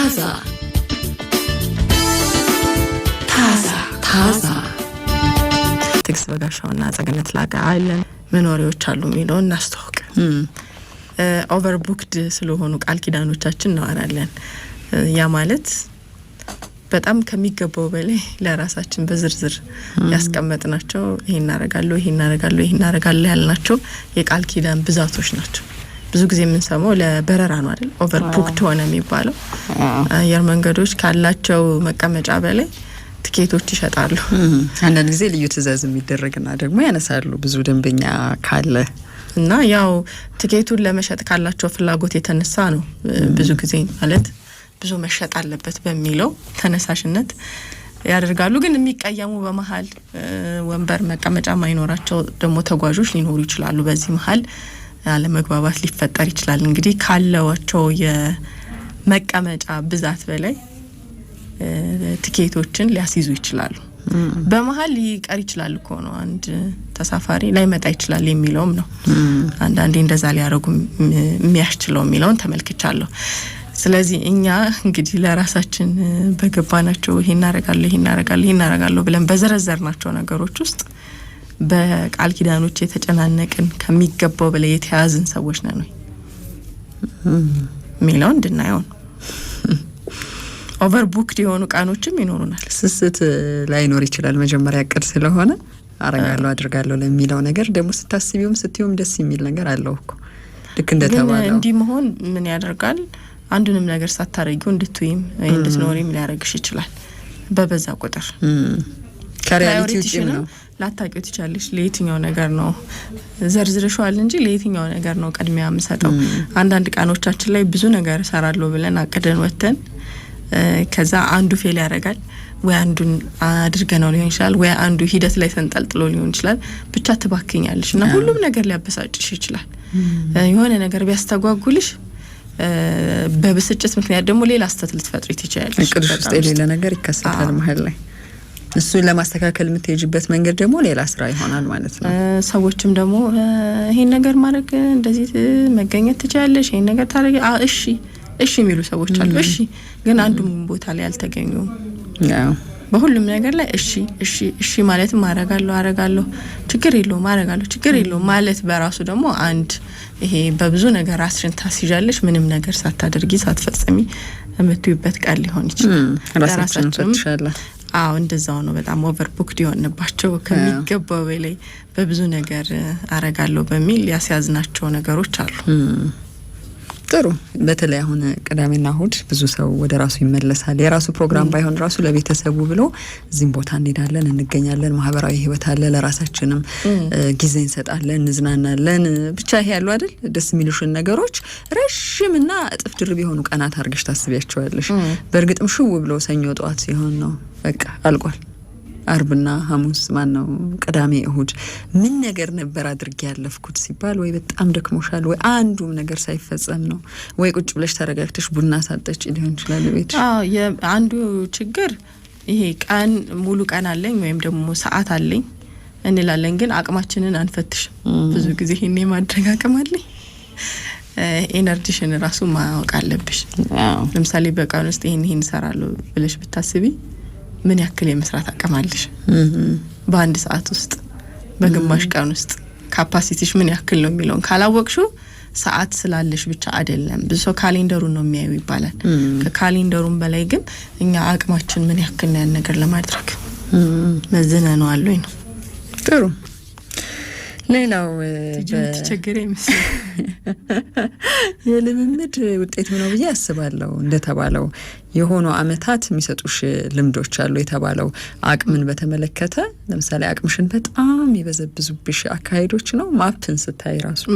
타사 ታዛ ታዛ ትግስት በጋሻው ጸገነት ላቀ አይለን መኖሪያዎች አሉ የሚለውን እናስተዋውቅ። ኦቨር ስለሆኑ ቃል ኪዳኖቻችን እናወራለን። ያ ማለት በጣም ከሚገባው በላይ ለራሳችን በዝርዝር ናቸው ይሄ እናረጋለሁ፣ ይሄ እናረጋለሁ፣ ይሄ እናረጋለሁ ያልናቸው የቃል ኪዳን ብዛቶች ናቸው። ብዙ ጊዜ የምንሰማው ለበረራ ነው አይደል? ኦቨር ቡክድ ሆነ የሚባለው አየር መንገዶች ካላቸው መቀመጫ በላይ ትኬቶች ይሸጣሉ። አንዳንድ ጊዜ ልዩ ትዕዛዝ የሚደረግና ደግሞ ያነሳሉ ብዙ ደንበኛ ካለ እና ያው ትኬቱን ለመሸጥ ካላቸው ፍላጎት የተነሳ ነው ብዙ ጊዜ ማለት ብዙ መሸጥ አለበት በሚለው ተነሳሽነት ያደርጋሉ። ግን የሚቀየሙ በመሀል ወንበር መቀመጫ ማይኖራቸው ደግሞ ተጓዦች ሊኖሩ ይችላሉ። በዚህ መሀል አለመግባባት ሊፈጠር ይችላል። እንግዲህ ካለዋቸው የመቀመጫ ብዛት በላይ ትኬቶችን ሊያስይዙ ይችላሉ። በመሀል ሊቀር ይችላል እኮ ነው አንድ ተሳፋሪ ላይመጣ ይችላል የሚለውም ነው። አንዳንዴ እንደዛ ሊያደርጉ የሚያስችለው የሚለውን ተመልክቻለሁ። ስለዚህ እኛ እንግዲህ ለራሳችን በገባናቸው ይሄ እናረጋለሁ፣ ይሄ እናረጋለሁ፣ ይሄ እናረጋለሁ ብለን በዘረዘር ናቸው ነገሮች ውስጥ በቃል ኪዳኖች የተጨናነቅን ከሚገባው በላይ የተያዝን ሰዎች ነን ወይ የሚለው እንድናየው ነው። ኦቨር ቡክድ የሆኑ ቃኖችም ይኖሩናል። ስስት ላይኖር ይችላል። መጀመሪያ እቅድ ስለሆነ አረጋለሁ አድርጋለሁ ለሚለው ነገር ደግሞ ስታስቢውም ስትዩም ደስ የሚል ነገር አለው እኮ ልክ እንደተባለው እንዲህ መሆን ምን ያደርጋል? አንዱንም ነገር ሳታረጊው እንድትይም ወይ እንድትኖሪም ሊያደርግሽ ይችላል። በበዛ ቁጥር ከሪያሊቲ ውጭም ነው ላታቂው ትችላለች። ለየትኛው ነገር ነው ዘርዝርሸዋል እንጂ ለየትኛው ነገር ነው ቅድሚያ የምሰጠው? አንዳንድ ቀኖቻችን ላይ ብዙ ነገር እሰራለሁ ብለን አቅደን ወጥተን ከዛ አንዱ ፌል ያደርጋል ወይ አንዱን አድርገ ነው ሊሆን ይችላል ወይ አንዱ ሂደት ላይ ተንጠልጥሎ ሊሆን ይችላል። ብቻ ትባክኛለሽ እና ሁሉም ነገር ሊያበሳጭሽ ይችላል። የሆነ ነገር ቢያስተጓጉልሽ በብስጭት ምክንያት ደግሞ ሌላ ስተት ልትፈጥሪ ትችላለሽ። ቅዱስ ውስጥ የሌለ ነገር ይከሰታል መሀል ላይ እሱን ለማስተካከል የምትሄጅበት መንገድ ደግሞ ሌላ ስራ ይሆናል ማለት ነው። ሰዎችም ደግሞ ይሄን ነገር ማድረግ እንደዚህ መገኘት ትችላለሽ፣ ይሄን ነገር ታደረግ፣ እሺ እሺ የሚሉ ሰዎች አሉ። እሺ ግን አንዱም ቦታ ላይ አልተገኙም። በሁሉም ነገር ላይ እሺ እሺ እሺ ማለትም አረጋለሁ አረጋለሁ ችግር የለውም አረጋለሁ ችግር የለውም ማለት በራሱ ደግሞ አንድ ይሄ በብዙ ነገር ራስሽን ታስይዣለሽ፣ ምንም ነገር ሳታደርጊ ሳትፈጽሚ የምትዩበት ቃል ሊሆን ይችላል። አዎ እንደዛው ነው። በጣም ኦቨር ቡክድ የሆንባቸው ከሚገባው በላይ በብዙ ነገር አረጋለሁ በሚል ያስያዝናቸው ነገሮች አሉ። ጥሩ። በተለይ አሁን ቅዳሜና እሁድ ብዙ ሰው ወደ ራሱ ይመለሳል። የራሱ ፕሮግራም ባይሆን ራሱ ለቤተሰቡ ብሎ እዚህም ቦታ እንሄዳለን፣ እንገኛለን፣ ማህበራዊ ህይወት አለ፣ ለራሳችንም ጊዜ እንሰጣለን፣ እንዝናናለን። ብቻ ይሄ ያሉ አይደል ደስ የሚሉሽን ነገሮች ረዥምና እጥፍ ድርብ የሆኑ ቀናት አድርገሽ ታስቢያቸዋለሽ። በእርግጥም ሽው ብሎ ሰኞ ጠዋት ሲሆን ነው በቃ አልቋል። አርብና ሐሙስ ማን ነው ቅዳሜ እሁድ ምን ነገር ነበር አድርጌ ያለፍኩት ሲባል ወይ በጣም ደክሞሻል፣ ወይ አንዱም ነገር ሳይፈጸም ነው፣ ወይ ቁጭ ብለሽ ተረጋግተሽ ቡና ሳጠች ሊሆን ይችላል ቤት። አንዱ ችግር ይሄ ቀን ሙሉ ቀን አለኝ ወይም ደግሞ ሰዓት አለኝ እንላለን፣ ግን አቅማችንን አንፈትሽም። ብዙ ጊዜ ይሄን የማድረግ አቅም አለኝ ኤነርጂሽን ራሱ ማወቅ አለብሽ። ለምሳሌ በቀን ውስጥ ይሄን ይሄን እሰራለሁ ብለሽ ብታስቢ ምን ያክል የመስራት አቅም አለሽ? በአንድ ሰዓት ውስጥ በግማሽ ቀን ውስጥ ካፓሲቲሽ ምን ያክል ነው የሚለውን ካላወቅሽው ሰዓት ስላለሽ ብቻ አይደለም። ብዙ ሰው ካሌንደሩን ነው የሚያዩ ይባላል። ከካሌንደሩን በላይ ግን እኛ አቅማችን ምን ያክል ነው ያን ነገር ለማድረግ መዝነነዋለኝ ነው ጥሩ ሌላው ተቸገረ ይመስል የልምምድ ውጤት ነው ብዬ አስባለሁ። እንደተባለው የሆኑ አመታት የሚሰጡሽ ልምዶች አሉ የተባለው አቅምን በተመለከተ ለምሳሌ አቅምሽን በጣም የበዘብዙብሽ አካሄዶች ነው። ማፕን ስታይ ራሱ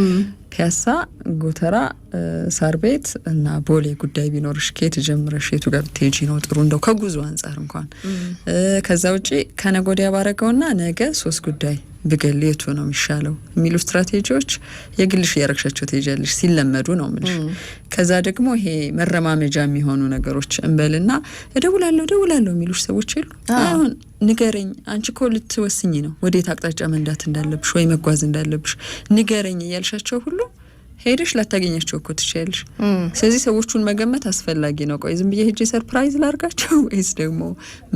ፒያሳ ጎተራ ሳር ቤት እና ቦሌ ጉዳይ ቢኖርሽ ከየት ጀምረሽ የቱ ጋር ብትሄጂ ነው ጥሩ እንደው ከጉዞ አንጻር እንኳን ከዛ ውጪ ከነገ ወዲያ ባረገውና ነገ ሶስት ጉዳይ ብገል የቱ ነው የሚሻለው የሚሉ ስትራቴጂዎች የግልሽ እያረግሻቸው ትሄጃለሽ ሲለመዱ ነው ምልሽ። ከዛ ደግሞ ይሄ መረማመጃ የሚሆኑ ነገሮች እንበልና እደውላለሁ እደውላለሁ የሚሉሽ ሰዎች የሉ አሁን ንገረኝ አንቺ እኮ ልትወስኝ ነው ወዴት አቅጣጫ መንዳት እንዳለብሽ ወይ መጓዝ እንዳለብሽ ንገረኝ እያልሻቸው ሁሉ ሄደሽ ላታገኛቸው እኮ ትችያለሽ። ስለዚህ ሰዎቹን መገመት አስፈላጊ ነው። ቆይ ዝም ብዬ ሄጄ ሰርፕራይዝ ላርጋቸው ወይስ ደግሞ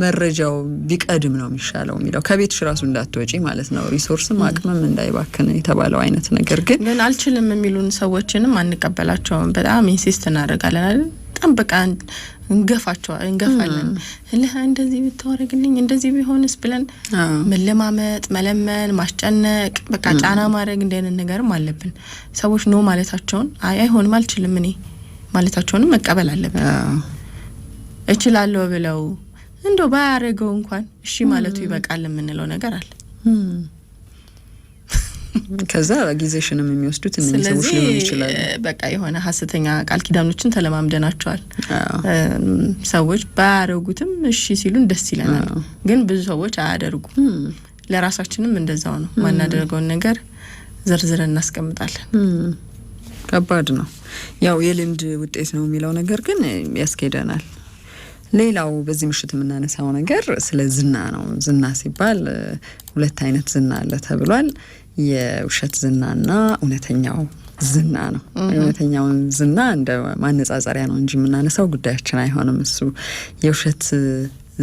መረጃው ቢቀድም ነው የሚሻለው የሚለው ከቤትሽ ራሱ እንዳትወጪ ማለት ነው። ሪሶርስም አቅምም እንዳይባክን የተባለው አይነት ነገር ግን ግን አልችልም የሚሉን ሰዎችንም አንቀበላቸውም። በጣም ኢንሲስት እናደርጋለን አይደል? በጣም በቃ እንገፋቸዋል እንገፋለን። እልህ እንደዚህ ብታወረግልኝ እንደዚህ ቢሆንስ ብለን መለማመጥ፣ መለመን፣ ማስጨነቅ፣ በቃ ጫና ማድረግ እንደንን ነገርም አለብን። ሰዎች ኖ ማለታቸውን አይ አይሆንም አልችልም እኔ ማለታቸውንም መቀበል አለብን። እችላለሁ ብለው እንደው ባያደረገው እንኳን እሺ ማለቱ ይበቃል የምንለው ነገር አለ። ከዛ ጊዜሽንም የሚወስዱት እነዚህ ሰዎች ሊሆኑ ይችላሉ። በቃ የሆነ ሀሰተኛ ቃል ኪዳኖችን ተለማምደናቸዋል። ሰዎች ባያደርጉትም እሺ ሲሉን ደስ ይለናል፣ ግን ብዙ ሰዎች አያደርጉም። ለራሳችንም እንደዛው ነው። ማናደርገውን ነገር ዘርዝረን እናስቀምጣለን። ከባድ ነው። ያው የልምድ ውጤት ነው የሚለው ነገር ግን ያስኬደናል። ሌላው በዚህ ምሽት የምናነሳው ነገር ስለ ዝና ነው። ዝና ሲባል ሁለት አይነት ዝና አለ ተብሏል። የውሸት ዝናና እውነተኛው ዝና ነው። እውነተኛውን ዝና እንደ ማነጻጸሪያ ነው እንጂ የምናነሳው ጉዳያችን አይሆንም። እሱ የውሸት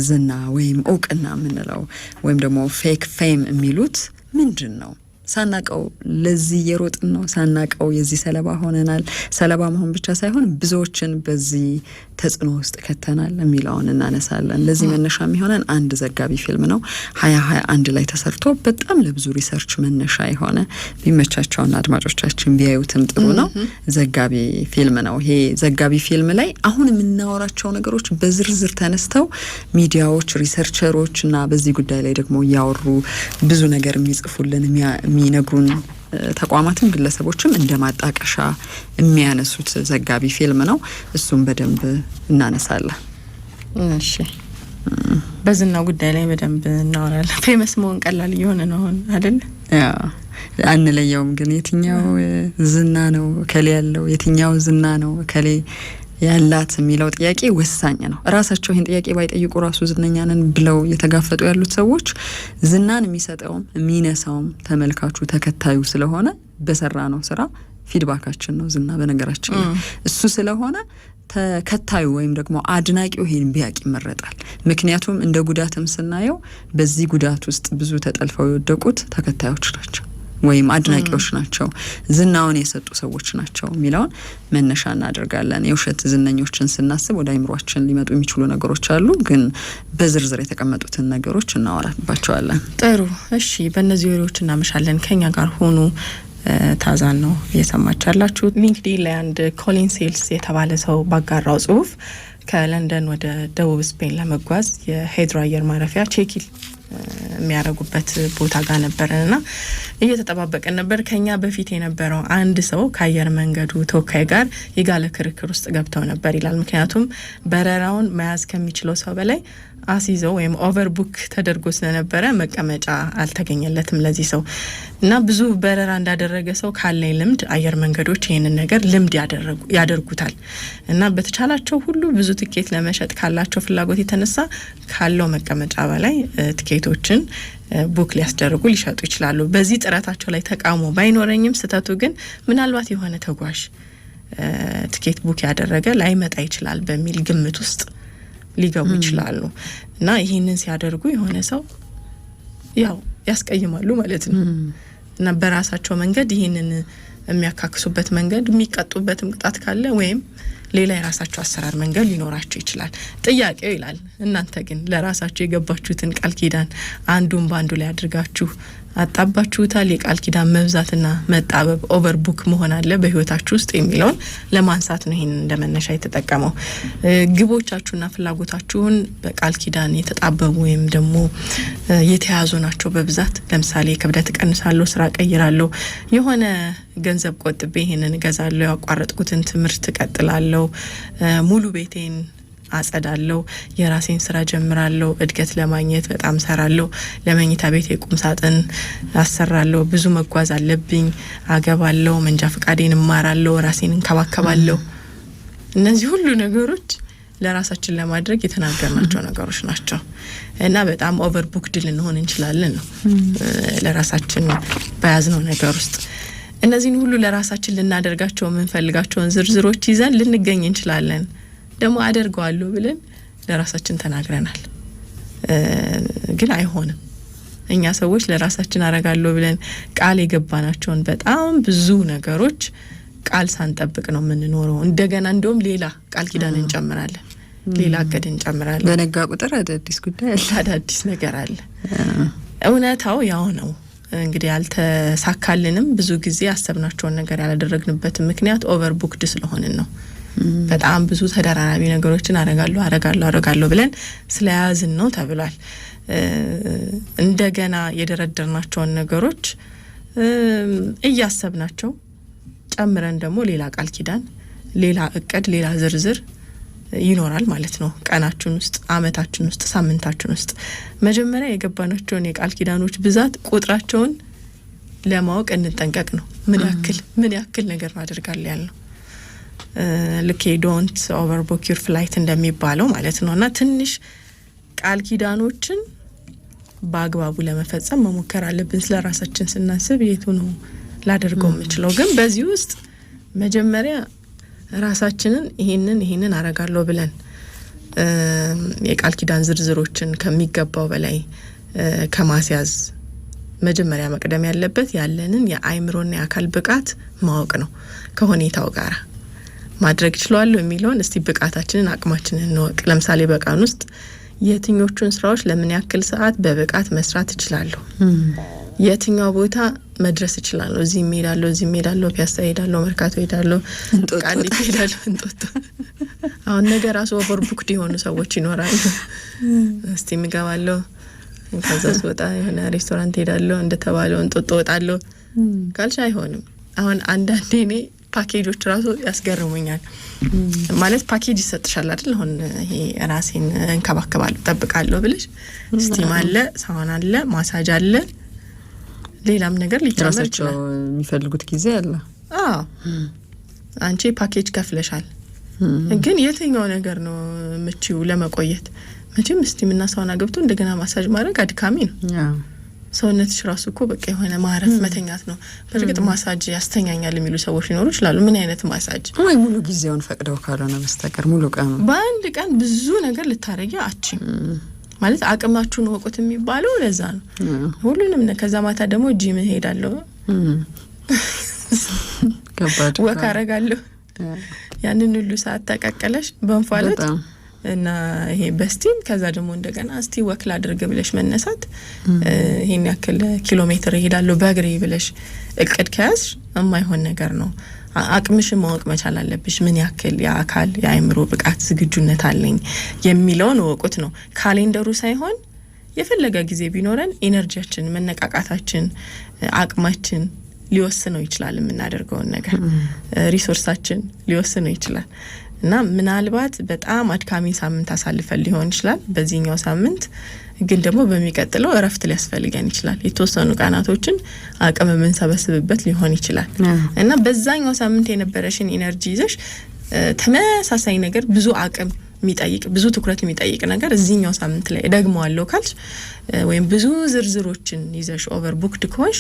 ዝና ወይም እውቅና የምንለው ወይም ደግሞ ፌክ ፌም የሚሉት ምንድን ነው? ሳናቀው ለዚህ የሮጥን ነው። ሳናቀው የዚህ ሰለባ ሆነናል። ሰለባ መሆን ብቻ ሳይሆን ብዙዎችን በዚህ ተጽዕኖ ውስጥ ከተናል የሚለውን እናነሳለን። ለዚህ መነሻ የሚሆነን አንድ ዘጋቢ ፊልም ነው ሀያ ሀያ አንድ ላይ ተሰርቶ በጣም ለብዙ ሪሰርች መነሻ የሆነ ቢመቻቸውና አድማጮቻችን ቢያዩትም ጥሩ ነው። ዘጋቢ ፊልም ነው ይሄ። ዘጋቢ ፊልም ላይ አሁን የምናወራቸው ነገሮች በዝርዝር ተነስተው ሚዲያዎች፣ ሪሰርቸሮች እና በዚህ ጉዳይ ላይ ደግሞ እያወሩ ብዙ ነገር የሚጽፉልን የሚነግሩን ተቋማትም ግለሰቦችም እንደ ማጣቀሻ የሚያነሱት ዘጋቢ ፊልም ነው። እሱም በደንብ እናነሳለን። እሺ፣ በዝና ጉዳይ ላይ በደንብ እናወራለን። ፌመስ መሆን ቀላል እየሆነ ነው አሁን አይደል? አንለየውም ግን የትኛው ዝና ነው እከሌ ያለው የትኛው ዝና ነው እከሌ ያላት የሚለው ጥያቄ ወሳኝ ነው። ራሳቸው ይህን ጥያቄ ባይጠይቁ ራሱ ዝነኛ ነን ብለው እየተጋፈጡ ያሉት ሰዎች ዝናን የሚሰጠውም የሚነሳውም ተመልካቹ ተከታዩ ስለሆነ በሰራ ነው ስራ ፊድባካችን ነው ዝና። በነገራችን እሱ ስለሆነ ተከታዩ ወይም ደግሞ አድናቂው ይሄን ቢያቅ ይመረጣል። ምክንያቱም እንደ ጉዳትም ስናየው በዚህ ጉዳት ውስጥ ብዙ ተጠልፈው የወደቁት ተከታዮች ናቸው። ወይም አድናቂዎች ናቸው፣ ዝናውን የሰጡ ሰዎች ናቸው የሚለውን መነሻ እናደርጋለን። የውሸት ዝነኞችን ስናስብ ወደ አይምሯችን ሊመጡ የሚችሉ ነገሮች አሉ፣ ግን በዝርዝር የተቀመጡትን ነገሮች እናወራባቸዋለን። ጥሩ እሺ፣ በእነዚህ ወሬዎች እናመሻለን። ከኛ ጋር ሆኑ። ታዛን ነው እየሰማች ያላችሁ። ሊንክዲን ላይ አንድ ኮሊን ሴልስ የተባለ ሰው ባጋራው ጽሁፍ ከለንደን ወደ ደቡብ ስፔን ለመጓዝ የሄድሮ አየር ማረፊያ ቼኪል የሚያደርጉበት ቦታ ጋር ነበረን ና እየተጠባበቀን ነበር። ከኛ በፊት የነበረው አንድ ሰው ከአየር መንገዱ ተወካይ ጋር የጋለ ክርክር ውስጥ ገብተው ነበር ይላል። ምክንያቱም በረራውን መያዝ ከሚችለው ሰው በላይ አስይዘው ወይም ኦቨርቡክ ተደርጎ ስለነበረ መቀመጫ አልተገኘለትም ለዚህ ሰው እና ብዙ በረራ እንዳደረገ ሰው ካለኝ ልምድ አየር መንገዶች ይህንን ነገር ልምድ ያደርጉታል እና በተቻላቸው ሁሉ ብዙ ትኬት ለመሸጥ ካላቸው ፍላጎት የተነሳ ካለው መቀመጫ በላይ ትኬቶችን ቡክ ሊያስደርጉ ሊሸጡ ይችላሉ። በዚህ ጥረታቸው ላይ ተቃውሞ ባይኖረኝም ስህተቱ ግን ምናልባት የሆነ ተጓዥ ትኬት ቡክ ያደረገ ላይመጣ ይችላል በሚል ግምት ውስጥ ሊገቡ ይችላሉ እና ይህንን ሲያደርጉ የሆነ ሰው ያው ያስቀይማሉ ማለት ነው እና በራሳቸው መንገድ ይህንን የሚያካክሱበት መንገድ የሚቀጡበትም ቅጣት ካለ ወይም ሌላ የራሳቸው አሰራር መንገድ ሊኖራቸው ይችላል። ጥያቄው ይላል እናንተ ግን ለራሳቸው የገባችሁትን ቃል ኪዳን አንዱን በአንዱ ላይ አድርጋችሁ አጣባችሁታል። የቃል ኪዳን መብዛትና መጣበብ ኦቨር ቡክ መሆን አለ በህይወታችሁ ውስጥ የሚለውን ለማንሳት ነው ይህን እንደመነሻ የተጠቀመው። ግቦቻችሁና ፍላጎታችሁን በቃል ኪዳን የተጣበቡ ወይም ደግሞ የተያዙ ናቸው በብዛት ለምሳሌ ክብደት ቀንሳለሁ ስራ ቀይራለሁ፣ የሆነ ገንዘብ ቆጥቤ ይህንን እገዛለሁ፣ ያቋረጥኩትን ትምህርት እቀጥላለሁ አለው። ሙሉ ቤቴን አጸዳለው። የራሴን ስራ ጀምራለው። እድገት ለማግኘት በጣም ሰራለው። ለመኝታ ቤት የቁም ሳጥን አሰራለው። ብዙ መጓዝ አለብኝ። አገባለው። መንጃ ፈቃዴን እማራለው። ራሴን እንከባከባለው። እነዚህ ሁሉ ነገሮች ለራሳችን ለማድረግ የተናገርናቸው ነገሮች ናቸው እና በጣም ኦቨር ቡክድ ልንሆን እንችላለን ነው ለራሳችን በያዝነው ነገር ውስጥ እነዚህን ሁሉ ለራሳችን ልናደርጋቸው የምንፈልጋቸውን ዝርዝሮች ይዘን ልንገኝ እንችላለን። ደግሞ አደርገዋለሁ ብለን ለራሳችን ተናግረናል፣ ግን አይሆንም። እኛ ሰዎች ለራሳችን አረጋለሁ ብለን ቃል የገባናቸውን በጣም ብዙ ነገሮች ቃል ሳንጠብቅ ነው የምንኖረው። እንደገና እንደውም ሌላ ቃል ኪዳን እንጨምራለን፣ ሌላ እቅድ እንጨምራለን። በነጋ ቁጥር አዳዲስ ጉዳይ አለ፣ አዳዲስ ነገር አለ። እውነታው ያው ነው። እንግዲህ አልተሳካልንም። ብዙ ጊዜ ያሰብናቸውን ነገር ያላደረግንበት ምክንያት ኦቨር ቡክድ ስለሆንን ነው። በጣም ብዙ ተደራራቢ ነገሮችን አረጋለሁ አረጋለሁ አረጋለሁ ብለን ስለያዝን ነው ተብሏል። እንደገና የደረደርናቸውን ነገሮች እያሰብናቸው ጨምረን ደግሞ ሌላ ቃል ኪዳን፣ ሌላ እቅድ፣ ሌላ ዝርዝር ይኖራል ማለት ነው። ቀናችን ውስጥ፣ አመታችን ውስጥ፣ ሳምንታችን ውስጥ መጀመሪያ የገባናቸውን የቃል ኪዳኖች ብዛት ቁጥራቸውን ለማወቅ እንጠንቀቅ ነው። ምን ያክል ምን ያክል ነገር ማድረጋለ ያል ነው ልኬ ዶንት ኦቨር ዩር ፍላይት እንደሚባለው ማለት ነው። እና ትንሽ ቃል ኪዳኖችን በአግባቡ ለመፈጸም መሞከር አለብን። ስለ ራሳችን ስናስብ የቱ ነው ላደርገው የምችለው? ግን በዚህ ውስጥ መጀመሪያ ራሳችንን ይህንን ይሄንን አረጋለሁ ብለን የቃል ኪዳን ዝርዝሮችን ከሚገባው በላይ ከማስያዝ መጀመሪያ መቅደም ያለበት ያለንን የአእምሮና የአካል ብቃት ማወቅ ነው። ከሁኔታው ጋር ማድረግ ችለዋለሁ የሚለውን እስቲ ብቃታችንን፣ አቅማችንን እንወቅ። ለምሳሌ በቀን ውስጥ የትኞቹን ስራዎች ለምን ያክል ሰዓት በብቃት መስራት እችላለሁ የትኛው ቦታ መድረስ እችላለሁ? እዚህ ሄዳለሁ፣ እዚህ ሄዳለሁ፣ ፒያሳ ሄዳለሁ፣ መርካቶ ሄዳለሁ፣ ቃሊቲ ሄዳለሁ፣ እንጦጦ። አሁን ነገ ራሱ ኦቨር ቡክድ የሆኑ ሰዎች ይኖራሉ። እስቲ ምገባለሁ፣ ከዛ ስወጣ የሆነ ሬስቶራንት ሄዳለሁ፣ እንደተባለው እንጦጦ ወጣለሁ ካልሽ አይሆንም። አሁን አንዳንዴ እኔ ፓኬጆች ራሱ ያስገርሙኛል። ማለት ፓኬጅ ይሰጥሻል አይደል? አሁን ይሄ ራሴን እንከባከባለሁ፣ ጠብቃለሁ ብልሽ ስቲም አለ፣ ሳሆን አለ፣ ማሳጅ አለ ሌላም ነገር ሊጨመር ይችላል። የሚፈልጉት ጊዜ አለ። አንቺ ፓኬጅ ከፍለሻል፣ ግን የትኛው ነገር ነው ምቺው ለመቆየት? መቼም ስቲምና ሳውና ገብቶ እንደገና ማሳጅ ማድረግ አድካሚ ነው። ሰውነትሽ ራሱ እኮ በቃ የሆነ ማረፍ መተኛት ነው። በእርግጥ ማሳጅ ያስተኛኛል የሚሉ ሰዎች ሊኖሩ ይችላሉ። ምን አይነት ማሳጅ ወይ ሙሉ ጊዜውን ፈቅደው ካልሆነ በስተቀር ሙሉ ቀኑ በአንድ ቀን ብዙ ነገር ልታረጊ አቺ ማለት አቅማችሁን ወቁት የሚባለው ለዛ ነው። ሁሉንም ከዛ ማታ ደግሞ ጂም እሄዳለሁ፣ ወክ አረጋለሁ። ያንን ሁሉ ሰዓት ተቀቀለሽ በእንፋሎት እና ይሄ በስቲም ከዛ ደግሞ እንደገና እስቲ ወክ ላድርግ ብለሽ መነሳት ይሄን ያክል ኪሎ ሜትር እሄዳለሁ በእግሬ ብለሽ እቅድ ከያዝሽ የማይሆን ነገር ነው። አቅምሽን ማወቅ መቻል አለብሽ። ምን ያክል የአካል የአእምሮ ብቃት ዝግጁነት አለኝ የሚለውን እወቁት ነው ካሌንደሩ ሳይሆን የፈለገ ጊዜ ቢኖረን ኢነርጂያችን፣ መነቃቃታችን፣ አቅማችን ሊወስነው ይችላል። የምናደርገውን ነገር ሪሶርሳችን ሊወስነው ይችላል። እና ምናልባት በጣም አድካሚ ሳምንት አሳልፈን ሊሆን ይችላል። በዚህኛው ሳምንት ግን ደግሞ በሚቀጥለው እረፍት ሊያስፈልገን ይችላል። የተወሰኑ ቀናቶችን አቅም የምንሰበስብበት ሊሆን ይችላል እና በዛኛው ሳምንት የነበረሽን ኢነርጂ ይዘሽ ተመሳሳይ ነገር ብዙ አቅም የሚጠይቅ ብዙ ትኩረት የሚጠይቅ ነገር እዚህኛው ሳምንት ላይ እደግመዋለሁ ካልሽ ወይም ብዙ ዝርዝሮችን ይዘሽ ኦቨር ቡክድ ከሆንሽ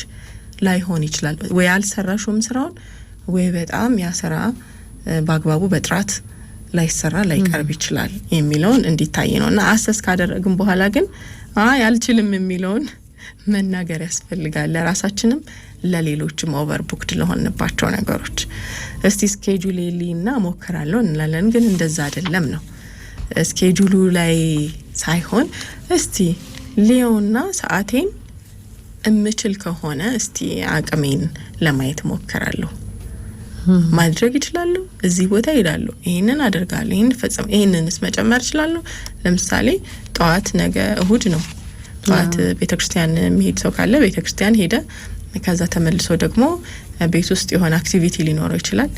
ላይሆን ይችላል። ወይ አልሰራሽውም ስራውን ወይ በጣም ያ ስራ በአግባቡ በጥራት ላይሰራ ላይቀርብ ይችላል የሚለውን እንዲታይ ነው እና አሰስ ካደረግን በኋላ ግን አይ አልችልም የሚለውን መናገር ያስፈልጋል። ለራሳችንም ለሌሎችም ኦቨር ቡክድ ለሆንባቸው ነገሮች እስቲ ስኬጁል ሊና ሞክራለሁ እንላለን፣ ግን እንደዛ አይደለም ነው ስኬጁሉ ላይ ሳይሆን እስቲ ሊዮና ሰዓቴን እምችል ከሆነ እስቲ አቅሜን ለማየት ሞክራለሁ። ማድረግ ይችላሉ እዚህ ቦታ ይላሉ፣ ይህንን አደርጋለሁ፣ ይህን ፈጽም፣ ይህንንስ መጨመር ይችላሉ። ለምሳሌ ጠዋት ነገ እሁድ ነው። ጠዋት ቤተ ክርስቲያን የሚሄድ ሰው ካለ ቤተ ክርስቲያን ሄደ። ከዛ ተመልሶ ደግሞ ቤት ውስጥ የሆነ አክቲቪቲ ሊኖረው ይችላል።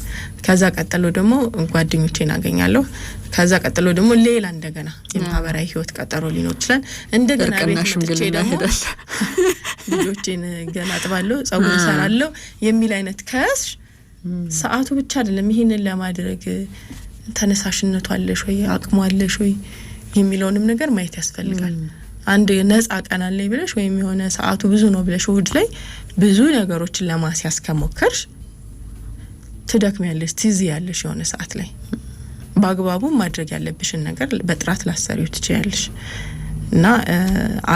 ከዛ ቀጥሎ ደግሞ ጓደኞቼን አገኛለሁ። ከዛ ቀጥሎ ደግሞ ሌላ እንደገና የማህበራዊ ህይወት ቀጠሮ ሊኖር ይችላል። እንደገና ደግሞ ልጆቼን ገና አጥባለሁ፣ ጸጉር እሰራለሁ የሚል አይነት ከያዝሽ ሰዓቱ ብቻ አይደለም። ይሄንን ለማድረግ ተነሳሽነቱ አለሽ ወይ አቅሙ አለሽ ወይ የሚለውንም ነገር ማየት ያስፈልጋል። አንድ ነጻ ቀን አለኝ ብለሽ ወይም የሆነ ሰዓቱ ብዙ ነው ብለሽ እሁድ ላይ ብዙ ነገሮችን ለማስያዝ ከሞከርሽ ትደክሚያለሽ፣ ትዝ ያለሽ የሆነ ሰዓት ላይ በአግባቡ ማድረግ ያለብሽን ነገር በጥራት ላሰሪው ትችያለሽ። እና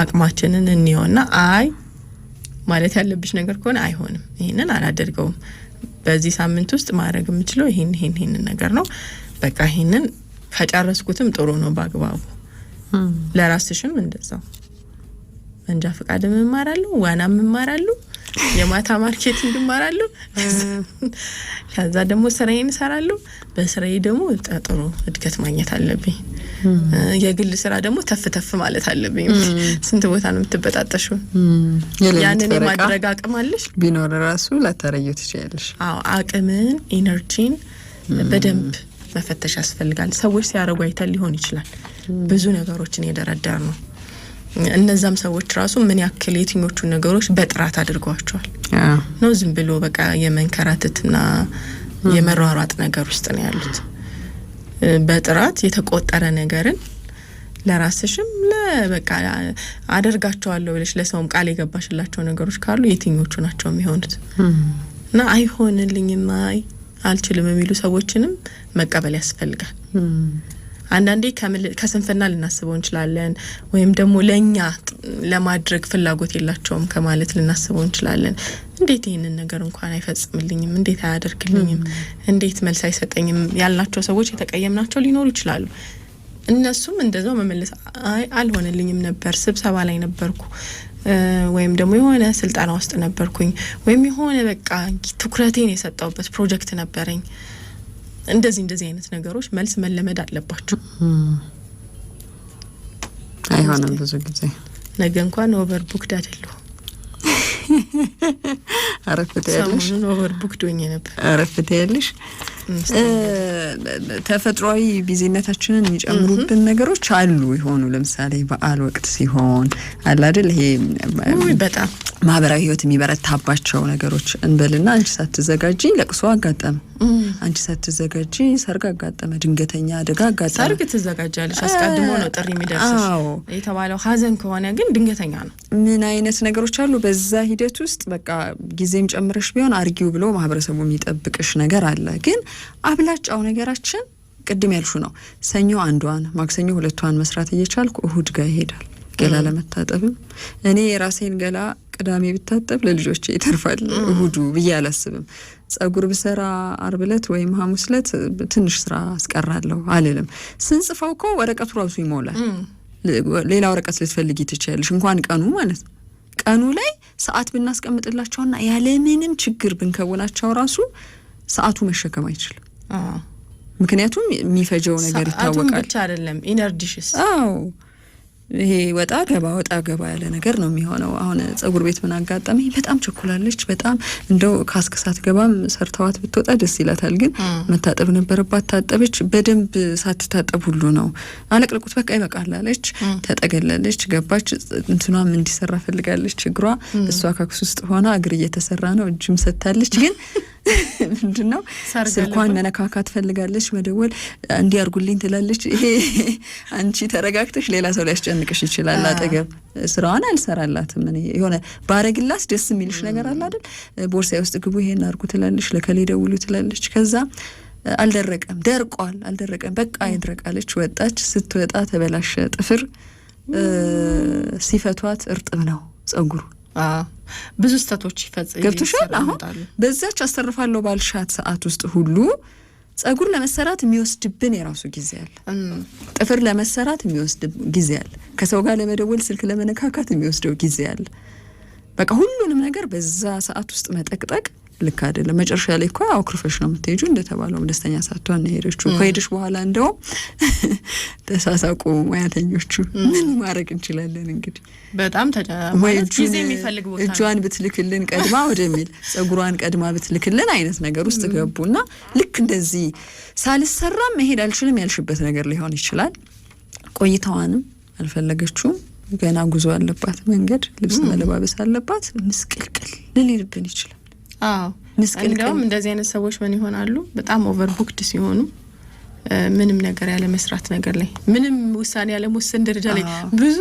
አቅማችንን እንየውና አይ ማለት ያለብሽ ነገር ከሆነ አይሆንም፣ ይህንን አላደርገውም በዚህ ሳምንት ውስጥ ማድረግ የምችለው ይህን ይህን ይሄንን ነገር ነው። በቃ ይህንን ከጨረስኩትም ጥሩ ነው በአግባቡ ለራስሽም እንደዛው መንጃ ፈቃድ እማራለሁ፣ ዋና እማራለሁ የማታ ማርኬቲንግ እማራለሁ። ከዛ ደግሞ ስራዬን እሰራለሁ። በስራዬ ደግሞ ጥሩ እድገት ማግኘት አለብኝ። የግል ስራ ደግሞ ተፍ ተፍ ማለት አለብኝ። ስንት ቦታ ነው የምትበጣጠሹ? ያንን የማድረግ አቅም አለሽ ቢኖር ራሱ ላታረዩ ትችላለሽ። አዎ አቅምን ኢነርጂን በደንብ መፈተሽ ያስፈልጋል። ሰዎች ሲያደርጉ አይተን ሊሆን ይችላል ብዙ ነገሮችን የደረደር ነው እነዛም ሰዎች ራሱ ምን ያክል የትኞቹ ነገሮች በጥራት አድርጓቸዋል ነው ዝም ብሎ በቃ የመንከራተትና የመሯሯጥ ነገር ውስጥ ነው ያሉት። በጥራት የተቆጠረ ነገርን ለራስሽም ለበቃ አደርጋቸዋለሁ ብለሽ ለሰውም ቃል የገባሽላቸው ነገሮች ካሉ የትኞቹ ናቸው የሚሆኑት? እና አይሆንልኝም፣ አይ አልችልም የሚሉ ሰዎችንም መቀበል ያስፈልጋል። አንዳንዴ ከስንፍና ልናስበው እንችላለን፣ ወይም ደግሞ ለእኛ ለማድረግ ፍላጎት የላቸውም ከማለት ልናስበው እንችላለን። እንዴት ይህንን ነገር እንኳን አይፈጽምልኝም? እንዴት አያደርግልኝም? እንዴት መልስ አይሰጠኝም? ያልናቸው ሰዎች የተቀየምናቸው ሊኖሩ ይችላሉ። እነሱም እንደዛው መመለስ አይ አልሆነልኝም ነበር፣ ስብሰባ ላይ ነበርኩ ወይም ደግሞ የሆነ ስልጠና ውስጥ ነበርኩኝ ወይም የሆነ በቃ ትኩረቴን የሰጠውበት ፕሮጀክት ነበረኝ እንደዚህ እንደዚህ አይነት ነገሮች መልስ መለመድ አለባቸው። አይሆንም ብዙ ጊዜ ነገ እንኳን ኦቨር ቡክድ አይደለሁም። አረፍት ያለሽ አረፍት ያለሽ ተፈጥሯዊ ቢዚነታችንን የሚጨምሩብን ነገሮች አሉ የሆኑ ለምሳሌ በዓል ወቅት ሲሆን አለ አይደል ይሄ በጣም ማህበራዊ ህይወት የሚበረታባቸው ነገሮች እንበልና አንቺ ሳትዘጋጂ ለቅሶ አጋጠመ፣ አንቺ ሳትዘጋጂ ሰርግ አጋጠመ፣ ድንገተኛ አደጋ አጋጠመ። ሰርግ ትዘጋጃለሽ፣ አስቀድሞ ነው ጥሪ የሚደርስሽ የተባለው። ሀዘን ከሆነ ግን ድንገተኛ ነው። ምን አይነት ነገሮች አሉ በዛ ሂደት ውስጥ ውስጥ በቃ ጊዜም ጨምረሽ ቢሆን አርጊው ብሎ ማህበረሰቡ የሚጠብቅሽ ነገር አለ። ግን አብላጫው ነገራችን ቅድም ያልሹ ነው። ሰኞ አንዷን፣ ማክሰኞ ሁለቷን መስራት እየቻልኩ እሁድ ጋር ይሄዳል። ገላ ለመታጠብም እኔ የራሴን ገላ ቅዳሜ ብታጠብ ለልጆቼ ይተርፋል እሁዱ ብዬ አላስብም። ጸጉር ብሰራ አርብ ዕለት ወይም ሐሙስ ዕለት ትንሽ ስራ አስቀራለሁ አልልም። ስንጽፈው እኮ ወረቀቱ ራሱ ይሞላል። ሌላ ወረቀት ልትፈልጊ ትችያለሽ፣ እንኳን ቀኑ ማለት ነው ቀኑ ላይ ሰዓት ብናስቀምጥላቸውና ያለምንም ችግር ብንከውናቸው ራሱ ሰዓቱ መሸከም አይችልም። ምክንያቱም የሚፈጀው ነገር ይታወቃል ብቻ አይደለም ኢነርጂሽስ አዎ ይሄ ወጣ ገባ ወጣ ገባ ያለ ነገር ነው የሚሆነው። አሁን ጸጉር ቤት ምን አጋጣሚ በጣም ቸኩላለች። በጣም እንደው ካስክሳት ገባም ሰርተዋት ብትወጣ ደስ ይላታል። ግን መታጠብ ነበረባት፣ ታጠበች። በደንብ ሳትታጠብ ሁሉ ነው አለቅልቁት። በቃ ይበቃላለች፣ ተጠገለለች፣ ገባች። እንትኗም እንዲሰራ ፈልጋለች እግሯ። እሷ ከክስ ውስጥ ሆና እግር እየተሰራ ነው፣ እጅም ሰጥታለች ግን ምንድነው ነው ስልኳን መነካካ ትፈልጋለች መደወል እንዲያርጉልኝ ትላለች። ይሄ አንቺ ተረጋግተሽ ሌላ ሰው ሊያስጨንቅሽ ይችላል። አጠገብ ስራዋን አልሰራላትም። እኔ የሆነ ባረግላስ ደስ የሚልሽ ነገር አለ አይደል? ቦርሳዬ ውስጥ ግቡ፣ ይሄን አርጉ ትላለች፣ ለከሌ ደውሉ ትላለች። ከዛ አልደረቀም፣ ደርቋል፣ አልደረቀም፣ በቃ አይድረቃለች። ወጣች። ስትወጣ ተበላሸ ጥፍር፣ ሲፈቷት እርጥብ ነው ጸጉሩ። ብዙ ስተቶች ይፈጽ ገብቶሻል። አሁን በዛች አሰርፋለሁ ባልሻት ሰዓት ውስጥ ሁሉ ጸጉር ለመሰራት የሚወስድብን የራሱ ጊዜ አለ። ጥፍር ለመሰራት የሚወስድ ጊዜ አለ። ከሰው ጋር ለመደወል ስልክ ለመነካካት የሚወስደው ጊዜ አለ። በቃ ሁሉንም ነገር በዛ ሰዓት ውስጥ መጠቅጠቅ ልክ አይደለም። መጨረሻ ላይ እኮ አኩርፈሽ ነው የምትሄጁ እንደተባለው ደስተኛ ሳትሆን ነው የሄደችው። ከሄደሽ በኋላ እንደውም ተሳሳቁ ሙያተኞቹ። ምን ማድረግ እንችላለን እንግዲህ በጣም ጊዜ እጇን ብትልክልን ቀድማ ወደሚል ጸጉሯን ቀድማ ብትልክልን አይነት ነገር ውስጥ ገቡ ገቡና ልክ እንደዚህ ሳልሰራም መሄድ አልችልም ያልሽበት ነገር ሊሆን ይችላል። ቆይታዋንም አልፈለገችውም። ገና ጉዞ አለባት መንገድ፣ ልብስ መለባበስ አለባት። ምስቅልቅል ልልብን ይችላል። እንዲያውም እንደዚህ አይነት ሰዎች ምን ይሆናሉ? በጣም ኦቨርቡክድ ሲሆኑ ምንም ነገር ያለ መስራት ነገር ላይ ምንም ውሳኔ ያለ መወሰን ደረጃ ላይ ብዙ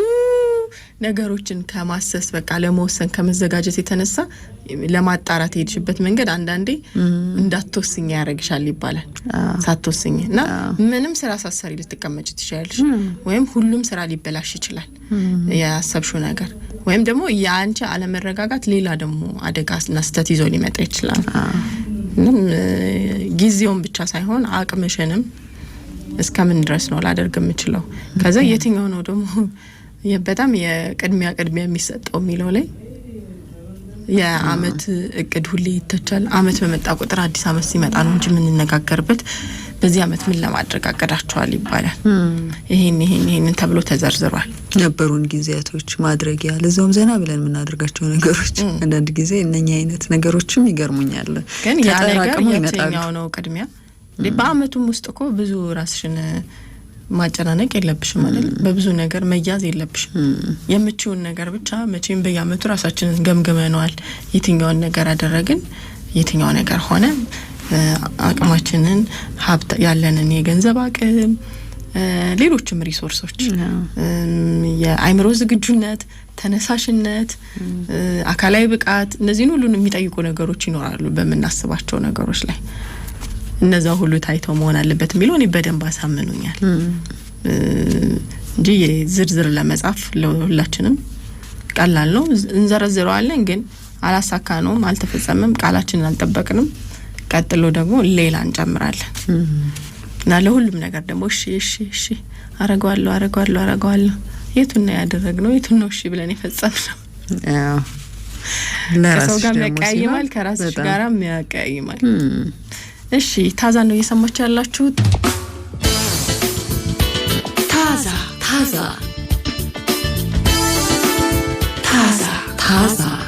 ነገሮችን ከማሰስ በቃ ለመወሰን ከመዘጋጀት የተነሳ ለማጣራት የሄድሽበት መንገድ አንዳንዴ እንዳትወስኝ ያደረግሻል ይባላል። ሳትወስኝ እና ምንም ስራ ሳሰሪ ልትቀመጭ ትችላለሽ፣ ወይም ሁሉም ስራ ሊበላሽ ይችላል ያሰብሽው ነገር ወይም ደግሞ የአንቺ አለመረጋጋት ሌላ ደግሞ አደጋ እና ስህተት ይዞ ሊመጣ ይችላል። ጊዜውን ብቻ ሳይሆን አቅምሽንም እስከምን ድረስ ነው ላደርግ የምችለው፣ ከዛ የትኛው ነው ደግሞ በጣም የቅድሚያ ቅድሚያ የሚሰጠው የሚለው ላይ የአመት እቅድ ሁሌ ይተቻል። አመት በመጣ ቁጥር አዲስ አመት ሲመጣ ነው እንጂ የምንነጋገርበት በዚህ አመት ምን ለማድረግ አቅዳቸዋል ይባላል። ይሄን ይሄን ይሄንን ተብሎ ተዘርዝሯል። ነበሩን ጊዜያቶች ማድረጊያ ለዚያውም ዘና ብለን የምናደርጋቸው ነገሮች አንዳንድ ጊዜ እነኛ አይነት ነገሮችም ይገርሙኛል። ግን ያ ነገር የትኛው ነው ቅድሚያ በአመቱም ውስጥ እኮ ብዙ ራስሽን ማጨናነቅ የለብሽም ማለት በብዙ ነገር መያዝ የለብሽም። የምችውን ነገር ብቻ መቼም በየአመቱ ራሳችንን ገምግመነዋል። የትኛውን ነገር አደረግን፣ የትኛው ነገር ሆነ። አቅማችንን ሀብት ያለንን የገንዘብ አቅም፣ ሌሎችም ሪሶርሶች፣ የአእምሮ ዝግጁነት፣ ተነሳሽነት፣ አካላዊ ብቃት፣ እነዚህን ሁሉን የሚጠይቁ ነገሮች ይኖራሉ በምናስባቸው ነገሮች ላይ እነዛ ሁሉ ታይተው መሆን አለበት የሚለው እኔ በደንብ አሳምኑኛል እንጂ ዝርዝር ለመጻፍ ለሁላችንም ቀላል ነው። እንዘረዝረዋለን፣ ግን አላሳካ ነውም፣ አልተፈጸምም፣ ቃላችንን አልጠበቅንም። ቀጥሎ ደግሞ ሌላ እንጨምራለን እና ለሁሉም ነገር ደግሞ እሺ እሺ እሺ አረገዋለሁ አረገዋለሁ አረገዋለሁ የቱን ነው ያደረግነው? የቱን ነው እሺ ብለን የፈጸምነው? ከሰው ጋር ያቀያይማል፣ ከራስሽ ጋራም ያቀያይማል። እሺ ታዛ ነው እየሰማችሁ ያላችሁት። ታዛ ታዛ ታዛ ታዛ